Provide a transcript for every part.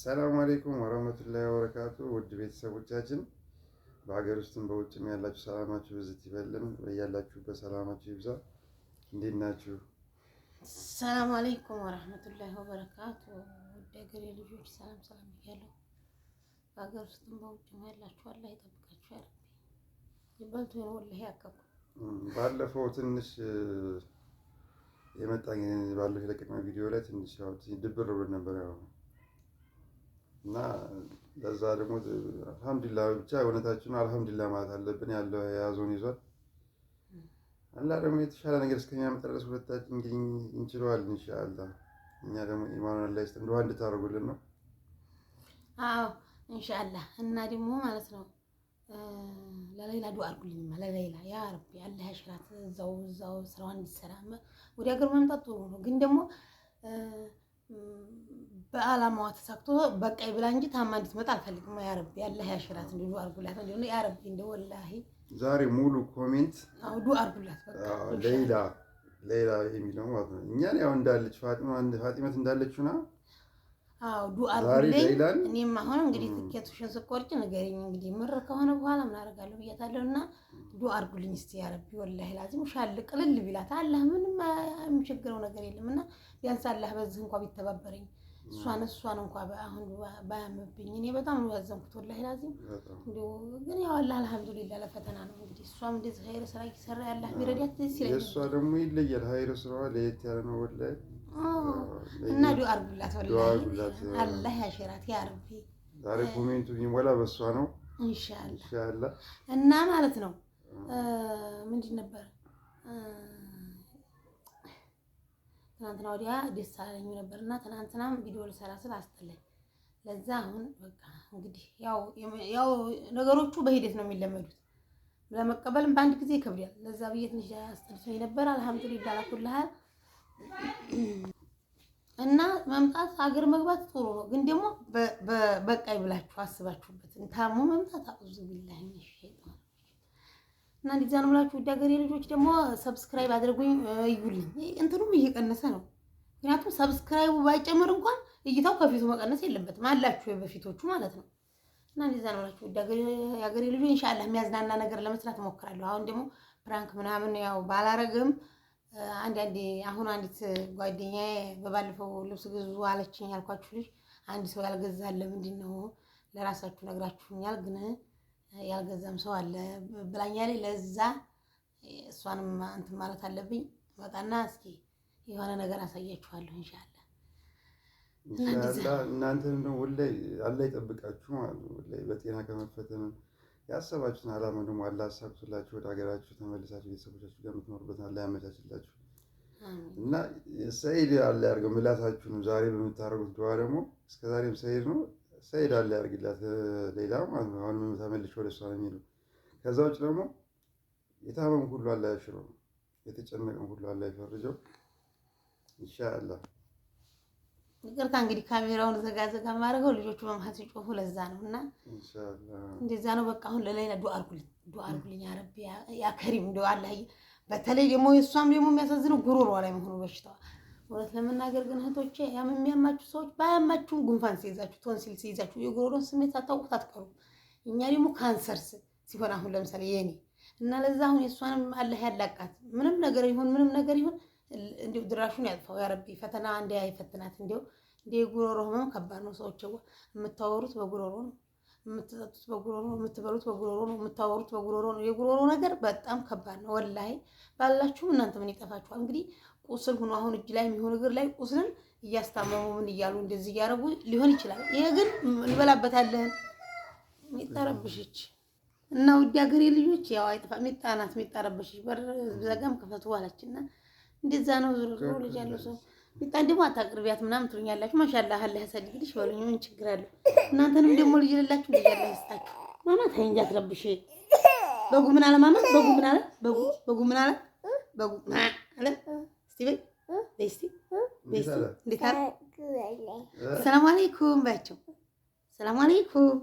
ሰላም አሌይኩም ወረህመቱላሂ ወበረካቱ ውድ ቤተሰቦቻችን በሀገር ውስጥም በውጭም ያላችሁ ሰላማችሁ ብዝት ይበልን። ያላችሁበት ሰላማችሁ ይብዛ። እንዴት ናችሁ? ሰላም አሌይኩም ወረህመቱላሂ ወበረካቱ ውድ ሀገሬ ልጆች ሰላም ሰላም እያለሁ በሀገር ውስጥም በውጭም ያላችሁ አላህ ይጠብቃችሁ። ያለ ይበልቱ ወላሂ ያከብኩ ባለፈው ትንሽ የመጣ ባለፈው የለቀቅነው ቪዲዮ ላይ ትንሽ ድብር ብሎ ነበር ያው እና ለዛ ደግሞ አልሐምዱሊላ ብቻ እውነታችን አልሐምዱሊላ ማለት አለብን። ያለው የያዘውን ይዟል። አላ ደግሞ የተሻለ ነገር እስከሚያመጣ ድረስ ሁለታችን እንግዲህ እንችለዋል እንሻላ። እኛ ደግሞ ኢማኑን ላይ ስጥ እንደዋ እንድታደርጉልን ነው። አዎ እንሻላ። እና ደግሞ ማለት ነው ለሌላ ዱዓ አድርጉልኝማ ለሌላ ያ ረቢ አለ ያሽራት እዛው እዛው ስራዋን እንዲሰራ ወደ ሀገር መምጣት ጥሩ ነው ግን ደግሞ በአላማዋ ተሳክቶ በቃይ ብላ እንጂ ታማ እንድትመጣ አልፈልግም። ያ ረቢ ያለህ ያሽራት እንዲ አርጉላት እንዲ ያ ረቢ እንደ ወላሂ ዛሬ ሙሉ ኮሜንት ዱ አርጉላት ሌላ ሌላ የሚለው ማለት ነው። እኛን ያው እንዳለች ፋጢመት እንዳለችው ና አዎ ዱአ አድርጉልኝ። እኔም አሁን እንግዲህ ትኬቱሽን ስቆርጭ ንገሪኝ። እንግዲህ ምር ከሆነ በኋላ ምን አደርጋለሁ ብያታለሁ እና ዱአ አድርጉልኝ እስቲ ያ ወላሂ ላዚም ሻል ቅልል ቢላት አላህ ምንም የሚቸግረው ነገር የለም እና ቢያንስ አላህ በዚህ እንኳ ቢተባበረኝ እሷን እሷን እንኳ አሁን ባያምብኝ እኔ በጣም ነው ያዘንኩት ወላሂ ላዚም። ግን ያው አላህ አልሐምዱሊላህ ለፈተና ነው እንግዲህ እሷም እንደዚህ ኸይር ስራ እየሰራ ያላህ ቢረዳት ደስ ይለኛል። የእሷ ደግሞ ይለያል ኸይር ስራዋ ለየት ያለ ነው ወላሂ እና ወላሂ አላህ ያሽራት ዛሬ ኮሜንቱ በእሷ ነው እና ማለት ነው ምንድን ነበር ትናንትና ወዲያ ደስ አለኝ ነበር እና ትናንትናም ቪዲዮ ልሰራ ስል አስጠላኝ። ለዛ አሁን በቃ እንግዲህ ያው ነገሮቹ በሂደት ነው የሚለመዱት። ለመቀበልም በአንድ ጊዜ ይከብዳል። ለዛ ብዬ ትንሽ አስጠልቶኝ ነበር። አልሐምዱሊላህ እና መምጣት ሀገር መግባት ጥሩ ነው፣ ግን ደግሞ በቃይ ብላችሁ አስባችሁበት እንታሙ መምጣት አዙ ቢላኝ ሸይጣን እና እንዲዛ ነው ብላችሁ ውድ ሀገሬ ልጆች ደግሞ ሰብስክራይብ አድርጉኝ፣ እዩልኝ። እንትኑም እየቀነሰ ነው። ምክንያቱም ሰብስክራይቡ ባይጨምር እንኳን እይታው ከፊቱ መቀነስ የለበትም አላችሁ በፊቶቹ ማለት ነው። እና እንዲዛ ነው ብላችሁ ውድ ሀገሬ ልጆች እንሻላ የሚያዝናና ነገር ለመስራት እሞክራለሁ። አሁን ደግሞ ፕራንክ ምናምን ያው ባላረግም አንዳንዴ አሁን አንዲት ጓደኛዬ በባለፈው ልብስ ግዙ አለችኝ። ያልኳችሁ ልጅ አንድ ሰው ያልገዛ አለ። ምንድን ነው ለራሳችሁ ነግራችሁኛል፣ ግን ያልገዛም ሰው አለ ብላኛል። ለዛ እሷንም እንትን ማለት አለብኝ። በቃና እስኪ የሆነ ነገር አሳያችኋለሁ እንሻለ እናንተ ደግሞ ወላሂ አላህ ይጠብቃችሁ ማለት ነው። ወላሂ በጤና ከመፈተንም ያሰባችሁትን አላማ ደግሞ አላህ አሳክቶላችሁ ወደ ሀገራችሁ ተመልሳችሁ ቤተሰቦቻችሁ ጋር የምትኖርበትን አላህ ያመቻችላችሁ እና ሰይድ አለ ያርገው። ምላሳችሁንም ዛሬ በምታደርጉት ድዋ ደግሞ እስከዛሬም ሰይድ ነው። ሰይድ አለ ያርግላት ሌላ ማለት ነው። አሁንም ተመልሼ ወደ እሷ ነው የሚሄደው። ከዛ ውጭ ደግሞ የታመም ሁሉ አላህ ያሽረው፣ የተጨነቀም ሁሉ አላህ ይፈርጀው። ኢንሻአላህ ይቅርታ እንግዲህ ካሜራውን ዘጋ ዘጋ ማድረገው ልጆቹ በመሀል ሲጮፉ ለዛ ነው። እና እንደዛ ነው በቃ። አሁን ለሌላ ዱ አርጉልኝ ዱአ አድርጉልኝ ያረቢ ያ ከሪም ዱአ አላይ። በተለይ ደግሞ የእሷም ደግሞ የሚያሳዝነው ጉሮሯ ላይ መሆኑ በሽታዋ። እውነት ለመናገር ግን እህቶቼ ያም የሚያማችሁ ሰዎች ባያማችሁም ጉንፋን ሲይዛችሁ፣ ቶንሲል ሲይዛችሁ የጉሮሮን ስሜት ሳታውቁት አትቀሩም። እኛ ደግሞ ካንሰር ሲሆን አሁን ለምሳሌ የኔ እና ለዛ አሁን የእሷንም አላህ ያላቃት ምንም ነገር ይሁን ምንም ነገር ይሁን እንዲሁ ድራሹን ያጥፋው ያረቢ ፈተና እንዲ አይፈትናት። እንዲሁ እንዲ ጉሮሮ ህመም ከባድ ነው። ሰዎች የምታወሩት በጉሮሮ ነው፣ የምትጠጡት በጉሮሮ ነው፣ የምትበሉት በጉሮሮ ነው፣ የምታወሩት በጉሮሮ ነው። የጉሮሮ ነገር በጣም ከባድ ነው። ወላሂ ባላችሁም እናንተ ምን ይጠፋችኋል? እንግዲህ ቁስል ሁኖ አሁን እጅ ላይ የሚሆን እግር ላይ ቁስልን እያስታመሙ ምን እያሉ እንደዚህ እያደረጉ ሊሆን ይችላል። ይሄ ግን እንበላበታለን ሚጣረብሽች እና ውድ ሀገሬ ልጆች ያው አይጥፋ ሚጣናት ሚጣረበሽች በር ዘጋም ክፈቱ አላችና እንደዛ ነው። ዞሮ ዞሮ ልጅ ያለው ሰው ቢጣን ደግሞ አታቅርቢያት ምናምን ትሉኛላችሁ። ማሻአላህ አላህ ያሳድግልሽ በሉኝ። ምን ችግር አለው? እናንተንም ደግሞ ልጅ ልላችሁ ልጅ አላህ ይስጣችሁ። ማማ ተይ እንጂ አትረብሽ። በጉ ምን አለ? ማማ በጉ ምን አለ? በጉ በጉ ምን አለ? በጉ አለ እስቲ በይ በይ እስቲ በይ እስቲ። እንዴት አለ? ሰላም አለይኩም ባያቸው። ሰላም አለይኩም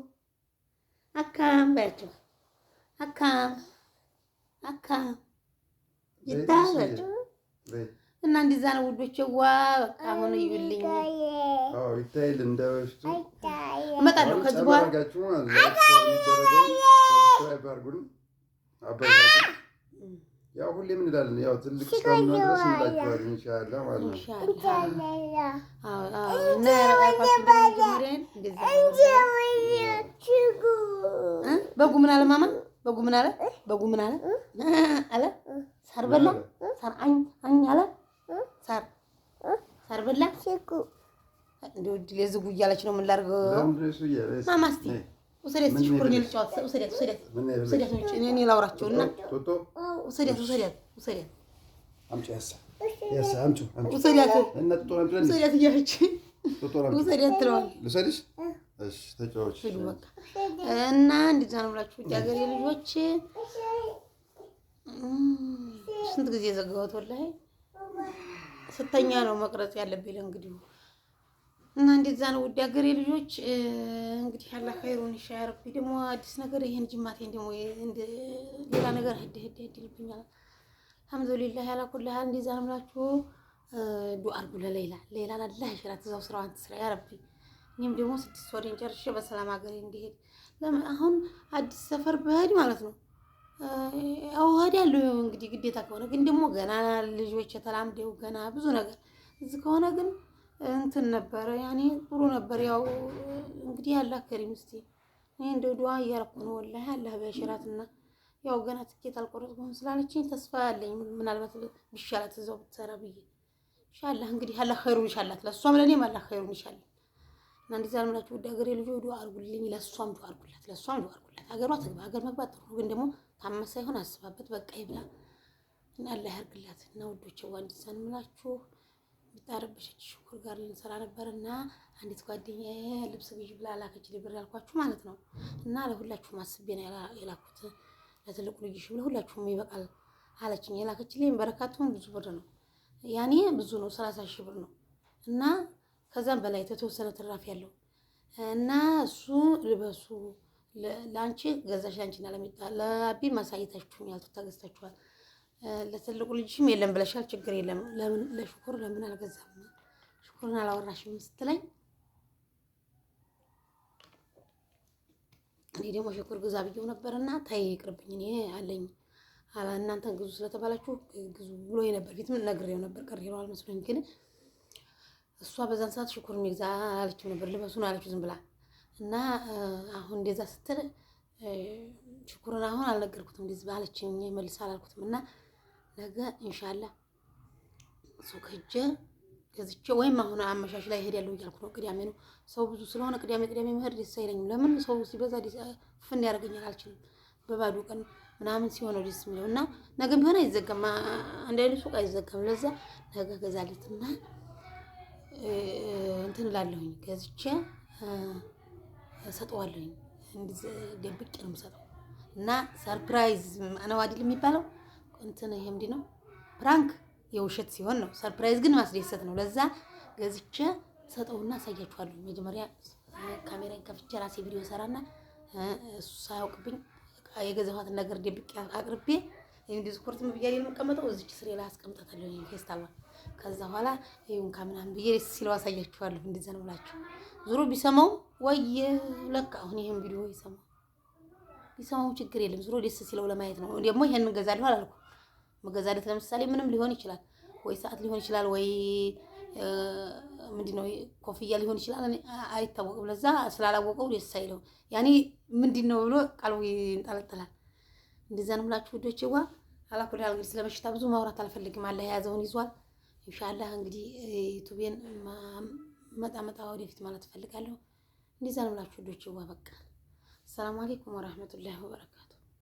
አካም ባያቸው። አካም አካም ይታበል እና እንደዛ ነው ውዶቼ። ዋ በቃ አሁን ይብልኝ። አዎ ይታይል። እንደውስቱ እመጣለሁ ከዚህ በኋላ ያው ሁሌ ምን እንላለን? ያው ትልቅ እስከምንሆን ድረስ እንላችኋለን። ኢንሻአላህ ማለት ነው። አዎ፣ አዎ። እና በጉ ምን አለ ማማ? በጉ ምን አለ? በጉ ምን አለ? አለ ሳር በላ ሳር አኝ እድል የዝጉ እያለች ነው። ምን ላድርግ ማማ እስኪ ውሰዳት፣ ሽኩር እኔ ልጫወት። ውሰዳት፣ ውሰዳት፣ ውሰዳት። እኔ ላውራቸው እና ውሰዳት፣ ውሰዳት፣ ውሰዳት፣ ውሰዳት እያለች ውሰዳት ትለዋለች። እና እንደዚያ ነው ብላችሁ ውጭ ሀገር ስንት ጊዜ ዘግበት ወላሂ ስተኛ ነው መቅረጽ ያለብኝ ለእንግዲህ እና እንደዛ ነው ውድ ሀገሬ ልጆች እንግዲህ ያላ ኸይሩን ይሻርኩ። ደግሞ አዲስ ነገር ይሄን ጅማቴን ደግሞ ሌላ ነገር ሄድ ሄድ ሄድ ይልብኛል። አልሐምዱሊላህ ያላ ኩል ሀል እንደዛ ነው የምላችሁ። ዱአ አድርጉ ለሌላ ሌላ ላላ ይሽራት እዛው ስራዋን ትስራ ያ ረቢ። እኔም ደግሞ ስድስት ወሬን ጨርሼ በሰላም ሀገሬ እንዲሄድ ለምን አሁን አዲስ ሰፈር በህድ ማለት ነው አውሃድ ያለው እንግዲህ ግዴታ ከሆነ ግን ደግሞ ገና ልጆች ተላምደው ገና ብዙ ነገር እዚህ ከሆነ ግን እንትን ነበረ ያኔ ጥሩ ነበር። ያው እንግዲህ አላህ ከሪም እስቲ እኔ እንደ ዱዓ እያረኩ ነው ወላሂ አላህ በሽራትና ያው ገና ትኬት አልቆረጥኩም ስላለችኝ ተስፋ ያለኝ ምናልባት ቢሻላት እዛው ብትሰራ ብዬ ኢንሻአላህ እንግዲህ አላህ ኸይሩን ይሻላት፣ ለእሷም ለእኔም አላህ ኸይሩን ይሻላት። እና እንደዚህ አልምላችሁ ውድ ሀገሬ ልጆ ዱዓ አርጉልኝ፣ ለእሷም ዱዓ አርጉላት፣ ለእሷም ዱዓ አርጉላት። ሀገሯ ትግባ። ሀገር መግባት ጥሩ ግን ደግሞ ታመ ሳይሆን አስባበት በቃ ይብላ እና አላህ ያርግላት። እና ውዶቼ ዋንዲዛን ምላችሁ ብታረብሸች ሽኩር ጋር ልንሰራ ነበር እና አንዲት ጓደኛ ልብስ ግዢ ብላ ላከች፣ ብር ያልኳችሁ ማለት ነው። እና ለሁላችሁም አስቤ ነው የላኩት፣ ለትልቁ ልጅሽ ለሁላችሁም ይበቃል አለችኝ። የላከችልኝ በረካቱን ብዙ ብር ነው፣ ያኔ ብዙ ነው፣ ሰላሳ ሺህ ብር ነው እና ከዛም በላይ የተወሰነ ትራፊ ያለው እና እሱ ልበሱ ለአንቺ ገዛሽ ለአንቺና ለሚጣ ለአቢ ማሳየታችሁን ያልተታገዝታችኋል ለትልቁ ልጅሽም የለም ብለሻል፣ ችግር የለም ለምን ለሽኩር ለምን አልገዛም ሽኩርን አላወራሽም ስትለኝ እኔ ደግሞ ሽኩር ግዛ ብዬው ነበርና ታይ ይቅርብኝ፣ እኔ አለኝ እናንተ ግዙ ስለተባላችሁ ግዙ ብሎ የነበር ፊትም ነግሬው ነበር ቀሪሮ መስሎኝ፣ ግን እሷ በዛን ሰዓት ሽኩርን ይግዛ አለችው ነበር ልበሱን አለችው ዝም ብላ እና አሁን እንደዛ ስትል ሽኩርን አሁን አልነገርኩትም እንደዚህ ባለችኝ መልስ አላልኩትም እና ነገ እንሻላ ሱቅ ሂጄ ገዝቼ ወይም አሁን አመሻሽ ላይ ያለው እያልኩ ነው። ቅዳሜ ነው ሰው ብዙ ስለሆነ ቅዳሜ ቅዳሜ መሄድ ደስ አይለኝም። ለምን ሰው ሲበዛ ፍን ያደርገኛል፣ አልችልም። በባዶ ቀን ምናምን ሲሆን ደስ የሚለው እና ነገ ቢሆን አይዘጋም፣ አንድ አይነት ሱቅ አይዘጋም። ለዛ ነገ ገዛለትና እንትን እላለሁኝ ገዝቼ ሰጠዋለሁኝ። ደብቄ ነው የምሰጠው እና ሰርፕራይዝ አነዋዲል የሚባለው እንትን ይሄ ምንድን ነው ፕራንክ የውሸት ሲሆን ነው። ሰርፕራይዝ ግን ማስደሰት ነው። ለዛ ገዝቼ ሰጠውና አሳያችኋለሁ። መጀመሪያ ካሜራን ከፍቼ ራሴ ቪዲዮ ሰራና እሱ ሳያውቅብኝ የገዛኋትን ነገር ደብቄ አቅርቤ እንዲህ ስፖርትም ብያለሁ የምቀመጠው እዚች ስሬ ላይ አስቀምጣታለሁ። ይሄን ፌስታሏን ከዛ በኋላ ይሁን ከምናምን ብዬ ደስ ሲለው አሳያችኋለሁ። እንደዛ ነው ብላችሁ ዙሮ ቢሰማው ወየ ለካ አሁን ይሄን ቪዲዮ ይሰማው ቢሰማው ችግር የለም። ዙሮ ደስ ሲለው ለማየት ነው። ደግሞ ይሄን እንገዛለሁ አላልኩም መገዛደት ለምሳሌ ምንም ሊሆን ይችላል፣ ወይ ሰዓት ሊሆን ይችላል፣ ወይ ምንድነው ኮፍያ ሊሆን ይችላል። አይታወቅም። ለዛ ስላላወቀው ደስ አይለው። ያኔ ምንድነው ብሎ ቃሉ ይንጠለጠላል። እንደዛ ነው የምላችሁ ውዶቼ። ዋ አላኩላ እንግዲህ ስለበሽታ ብዙ ማውራት አልፈልግም። አለ የያዘውን ይዟል። ኢንሻአላህ እንግዲህ ዩቲዩብን መጣ መጣ ወደፊት ማለት እፈልጋለሁ። እንደዛ ነው የምላችሁ ዋ በቃ አሰላሙ አለይኩም ወራህመቱላሂ ወበረካቱ